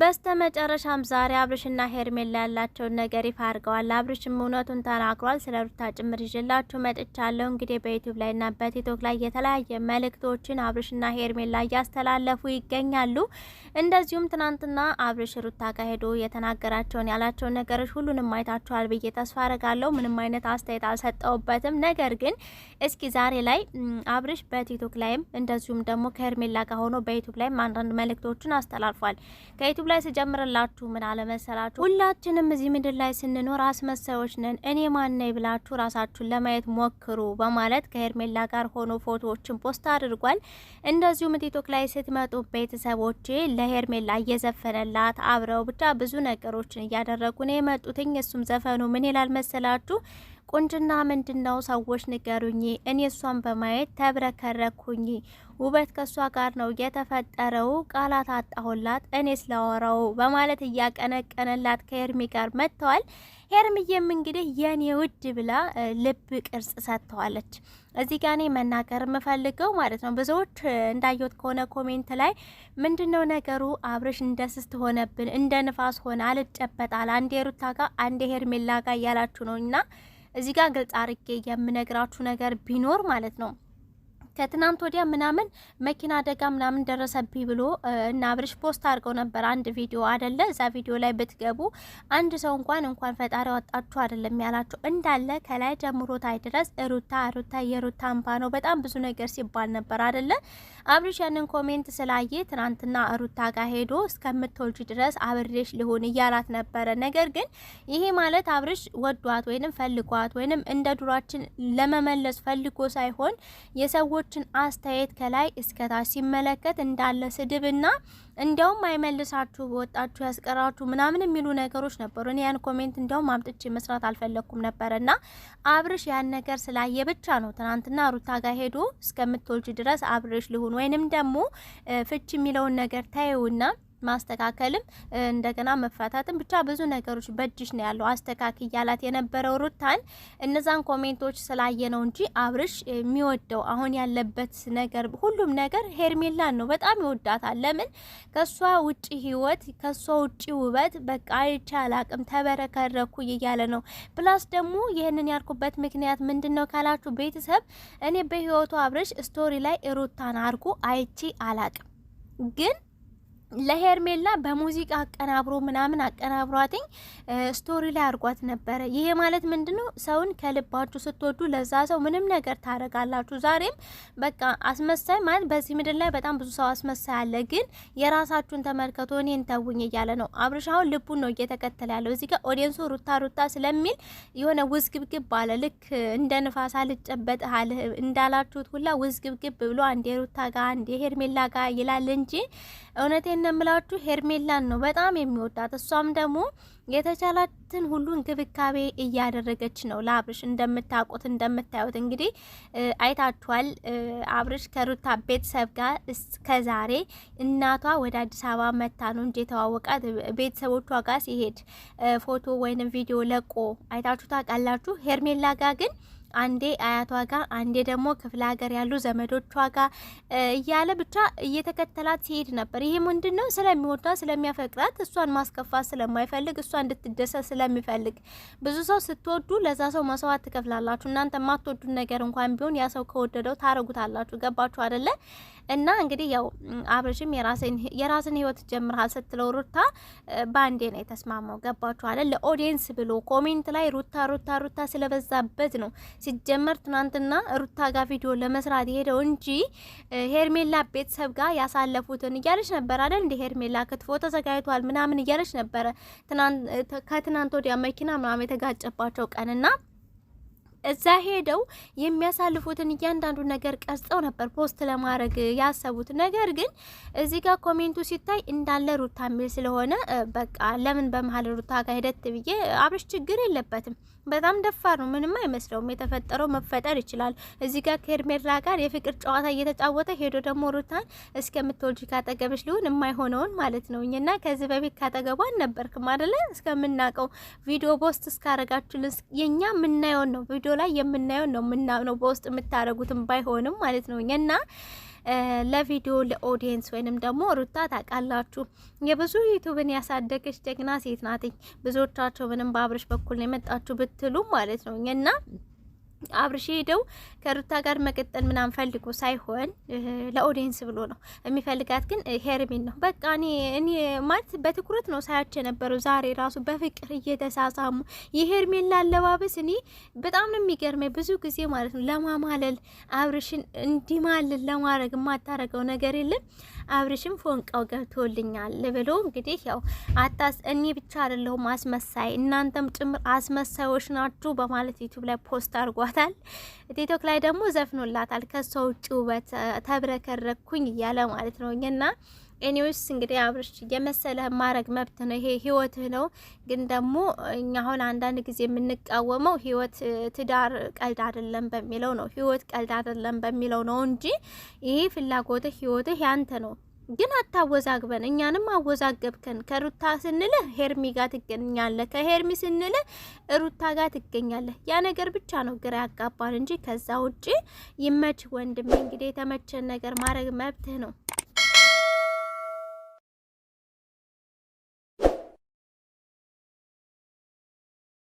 በስተ መጨረሻም ዛሬ አብርሽና ሄርሜላ ያላቸውን ነገር ይፋ አድርገዋል። አብርሽም እውነቱን ተናግሯል። ስለ ሩታ ጭምር ይዤላችሁ መጥቻለሁ። እንግዲህ ላይ ላይና በቲክቶክ ላይ የተለያየ መልእክቶችን አብርሽና ሄርሜላ እያስተላለፉ ይገኛሉ። እንደዚሁም ትናንትና አብርሽ ሩታ ጋር ሄዶ የተናገራቸውን ያላቸውን ነገሮች ሁሉንም አይታችኋል ብዬ ተስፋ አረጋለሁ። ምንም አይነት አስተያየት አልሰጠውበትም። ነገር ግን እስኪ ዛሬ ላይ አብርሽ በቲክቶክ ላይም እንደዚሁም ደግሞ ከሄርሜላ ጋር ሆኖ በዩቲዩብ ላይም አንዳንድ መልእክቶችን አስተላልፏል። ዩቱብ ላይ ስጀምርላችሁ ምን አለመሰላችሁ፣ ሁላችንም እዚህ ምድር ላይ ስንኖር አስመሳዮች ነን። እኔ ማን ነኝ ብላችሁ ራሳችሁን ለማየት ሞክሩ በማለት ከሄርሜላ ጋር ሆኖ ፎቶዎችን ፖስት አድርጓል። እንደዚሁም ቲክቶክ ላይ ስትመጡ ቤተሰቦቼ ለሄርሜላ እየዘፈነላት አብረው ብቻ ብዙ ነገሮችን እያደረጉ ነው የመጡትኝ። እሱም ዘፈኑ ምን ይላል መሰላችሁ? ቁንጅና ምንድን ነው? ሰዎች ንገሩኝ። እኔ እሷን በማየት ተብረከረኩኝ። ውበት ከእሷ ጋር ነው የተፈጠረው። ቃላት አጣሁላት እኔ ስለወረው በማለት እያቀነቀነላት ከሄርሚ ጋር መጥተዋል። ሄርሚዬም እንግዲህ የኔ ውድ ብላ ልብ ቅርጽ ሰጥተዋለች። እዚህ ጋር እኔ መናገር የምፈልገው ማለት ነው ብዙዎች እንዳየሁት ከሆነ ኮሜንት ላይ ምንድን ነው ነገሩ አብርሽ እንደ ስስት ሆነብን፣ እንደ ንፋስ ሆነ፣ አልጨበጣል አንዴ ሩታ ጋር አንዴ ሄርሜላ ጋር እያላችሁ ነው እና እዚህ ጋር ግልጽ አርጌ የምነግራችሁ ነገር ቢኖር ማለት ነው ከትናንት ወዲያ ምናምን መኪና አደጋ ምናምን ደረሰብኝ ብሎ እና አብርሽ ፖስት አድርገው ነበር አንድ ቪዲዮ አደለ። እዛ ቪዲዮ ላይ ብትገቡ አንድ ሰው እንኳን እንኳን ፈጣሪ ወጣችሁ አይደለም ያላችሁ እንዳለ ከላይ ጀምሮ ታይ ድረስ ሩታ ሩታ የሩታ አምባ ነው በጣም ብዙ ነገር ሲባል ነበር አደለ። አብርሽ ያንን ኮሜንት ስላየ ትናንትና ሩታ ጋር ሄዶ እስከምትወልጅ ድረስ አብሬሽ ሊሆን እያላት ነበረ። ነገር ግን ይሄ ማለት አብርሽ ወዷት ወይንም ፈልጓት ወይንም እንደ ዱራችን ለመመለስ ፈልጎ ሳይሆን የሰዎች የሰዎችን አስተያየት ከላይ እስከታች ሲመለከት እንዳለ ስድብና እንዲያውም አይመልሳችሁ በወጣችሁ ያስቀራችሁ ምናምን የሚሉ ነገሮች ነበሩ። እኔ ያን ኮሜንት እንዲያውም አምጥቼ መስራት አልፈለግኩም ነበረና አብርሽ ያን ነገር ስላየ ብቻ ነው ትናንትና ሩታ ጋር ሄዶ እስከምትወልጅ ድረስ አብርሽ ልሁን ወይንም ደግሞ ፍች የሚለውን ነገር ታየውና ማስተካከልም እንደገና መፋታትም ብቻ ብዙ ነገሮች በእጅሽ ነው ያለው። አስተካክ እያላት የነበረው ሩታን እነዛን ኮሜንቶች ስላየ ነው እንጂ አብርሽ የሚወደው አሁን ያለበት ነገር ሁሉም ነገር ሄርሜላን ነው። በጣም ይወዳታል። ለምን ከሷ ውጪ ህይወት ከሷ ውጪ ውበት በቃ አይቼ አላቅም ተበረከረኩ እያለ ነው። ፕላስ ደግሞ ይህንን ያልኩበት ምክንያት ምንድን ነው ካላችሁ ቤተሰብ እኔ በህይወቱ አብርሽ ስቶሪ ላይ ሩታን አርጉ አይቼ አላቅም ግን ለሄርሜላ በሙዚቃ አቀናብሮ ምናምን አቀናብሯትኝ ስቶሪ ላይ አድርጓት ነበረ። ይሄ ማለት ምንድን ነው? ሰውን ከልባችሁ ስትወዱ ለዛ ሰው ምንም ነገር ታደርጋላችሁ። ዛሬም በቃ አስመሳይ ማለት በዚህ ምድር ላይ በጣም ብዙ ሰው አስመሳይ አለ፣ ግን የራሳችሁን ተመልከቶ እኔን ተውኝ እያለ ነው። አብርሻውን ልቡን ነው እየተከተለ ያለው። እዚህ ጋር ኦዲየንሱ ሩታ ሩታ ስለሚል የሆነ ውዝግብግብ ባለ ልክ እንደ ንፋስ አልጨበጥ እንዳላችሁት ሁላ ውዝግብግብ ብሎ አንዴ ሩታ ጋር አንዴ ሄርሜላ ጋር ይላል እንጂ እውነቴን እንደምላችሁ ሄርሜላን ነው በጣም የሚወዳት። እሷም ደግሞ የተቻላትን ሁሉ እንክብካቤ እያደረገች ነው ለአብርሽ። እንደምታውቁት እንደምታዩት እንግዲህ አይታችኋል። አብርሽ ከሩታ ቤተሰብ ጋር እስከዛሬ እናቷ ወደ አዲስ አበባ መታ ነው እንጂ የተዋወቃት ቤተሰቦቿ ጋር ሲሄድ ፎቶ ወይም ቪዲዮ ለቆ አይታችሁ ታውቃላችሁ። ሄርሜላ ጋር ግን አንዴ አያቷ ጋር፣ አንዴ ደግሞ ክፍለ ሀገር ያሉ ዘመዶቿ ጋር እያለ ብቻ እየተከተላት ሲሄድ ነበር። ይሄ ምንድን ነው? ስለሚወዳት ስለሚያፈቅራት፣ እሷን ማስከፋት ስለማይፈልግ፣ እሷ እንድትደሰት ስለሚፈልግ። ብዙ ሰው ስትወዱ ለዛ ሰው መስዋዕት ትከፍላላችሁ። እናንተ የማትወዱት ነገር እንኳን ቢሆን ያ ሰው ከወደደው ታረጉታላችሁ። ገባችሁ አደለ? እና እንግዲህ ያው አብርሽም የራስን ህይወት ጀምርሃል ስትለው ሩታ በአንዴ ነው የተስማማው። ገባችኋል? ለኦዲየንስ ብሎ ኮሜንት ላይ ሩታ ሩታ ሩታ ስለበዛበት ነው። ሲጀመር ትናንትና ሩታ ጋር ቪዲዮ ለመስራት የሄደው እንጂ ሄርሜላ ቤተሰብ ጋር ያሳለፉትን እያለች ነበር አይደል? እንደ ሄርሜላ ክትፎ ተዘጋጅቷል ምናምን እያለች ነበረ ከትናንት ወዲያ መኪና ምናምን የተጋጨባቸው ቀንና እዛ ሄደው የሚያሳልፉትን እያንዳንዱ ነገር ቀርጸው ነበር ፖስት ለማድረግ ያሰቡት። ነገር ግን እዚህ ጋር ኮሜንቱ ሲታይ እንዳለ ሩታ የሚል ስለሆነ በቃ ለምን በመሀል ሩታ ጋር ሄደት ብዬ አብርሽ ችግር የለበትም። በጣም ደፋር ነው፣ ምንም አይመስለውም። የተፈጠረው መፈጠር ይችላል። እዚህ ጋር ከኤርሜላ ጋር የፍቅር ጨዋታ እየተጫወተ ሄዶ ደግሞ ሩታን እስከምትወልጅ ካጠገብሽ ሊሆን የማይሆነውን ማለት ነው እኛና ከዚህ በፊት ካጠገቧ አልነበርክም አደለ? እስከምናውቀው ቪዲዮ ፖስት እስካረጋችሁልን የኛ የምናየውን ነው ቪዲዮ ላይ የምናየው ነው የምናምነው፣ በውስጥ የምታደርጉትም ባይሆንም ማለት ነው እና ለቪዲዮ ለኦዲየንስ ወይንም ደግሞ ሩታ ታውቃላችሁ የብዙ ዩቱብን ያሳደገች ጀግና ሴት ናትኝ። ብዙዎቻቸው ምንም በአብርሽ በኩል ነው የመጣችሁ ብትሉ ማለት ነው እና አብርሽ ሄደው ከሩታ ጋር መቀጠል ምናምን ፈልጎ ሳይሆን ለኦዲየንስ ብሎ ነው የሚፈልጋት። ግን ሄርሜን ነው በቃ እኔ እኔ ማለት በትኩረት ነው ሳያቸው የነበረው። ዛሬ ራሱ በፍቅር እየተሳሳሙ የሄርሜን ላለባበስ እኔ በጣም ነው የሚገርመኝ። ብዙ ጊዜ ማለት ነው ለማማለል አብርሽን እንዲማልል ለማድረግ የማታረገው ነገር የለም። አብርሽም ፎንቃው ገብቶልኛል ብሎ እንግዲህ ያው አታስ እኔ ብቻ አይደለሁም አስመሳይ እናንተም ጭምር አስመሳዮች ናችሁ በማለት ዩቲዩብ ላይ ፖስት አድርጓታል። ቲክቶክ ላይ ደግሞ ዘፍኖላታል። ከሷ ውጭ ውበት ተብረከረኩኝ እያለ ማለት ነው እና ኤኒዌይስ እንግዲህ አብርሽ የመሰለህ ማድረግ መብት ነው፣ ይሄ ህይወትህ ነው። ግን ደግሞ እኛ አሁን አንዳንድ ጊዜ የምንቃወመው ህይወት ትዳር ቀልድ አይደለም በሚለው ነው፣ ህይወት ቀልድ አይደለም በሚለው ነው እንጂ ይሄ ፍላጎትህ ህይወትህ ያንተ ነው። ግን አታወዛግበን፣ እኛንም አወዛገብከን። ከሩታ ስንልህ ሄርሚ ጋር ትገኛለህ፣ ከሄርሚ ስንልህ ሩታ ጋር ትገኛለህ። ያ ነገር ብቻ ነው ግራ ያጋባን እንጂ ከዛ ውጪ ይመች ወንድሜ። እንግዲህ የተመቸን ነገር ማድረግ መብትህ ነው።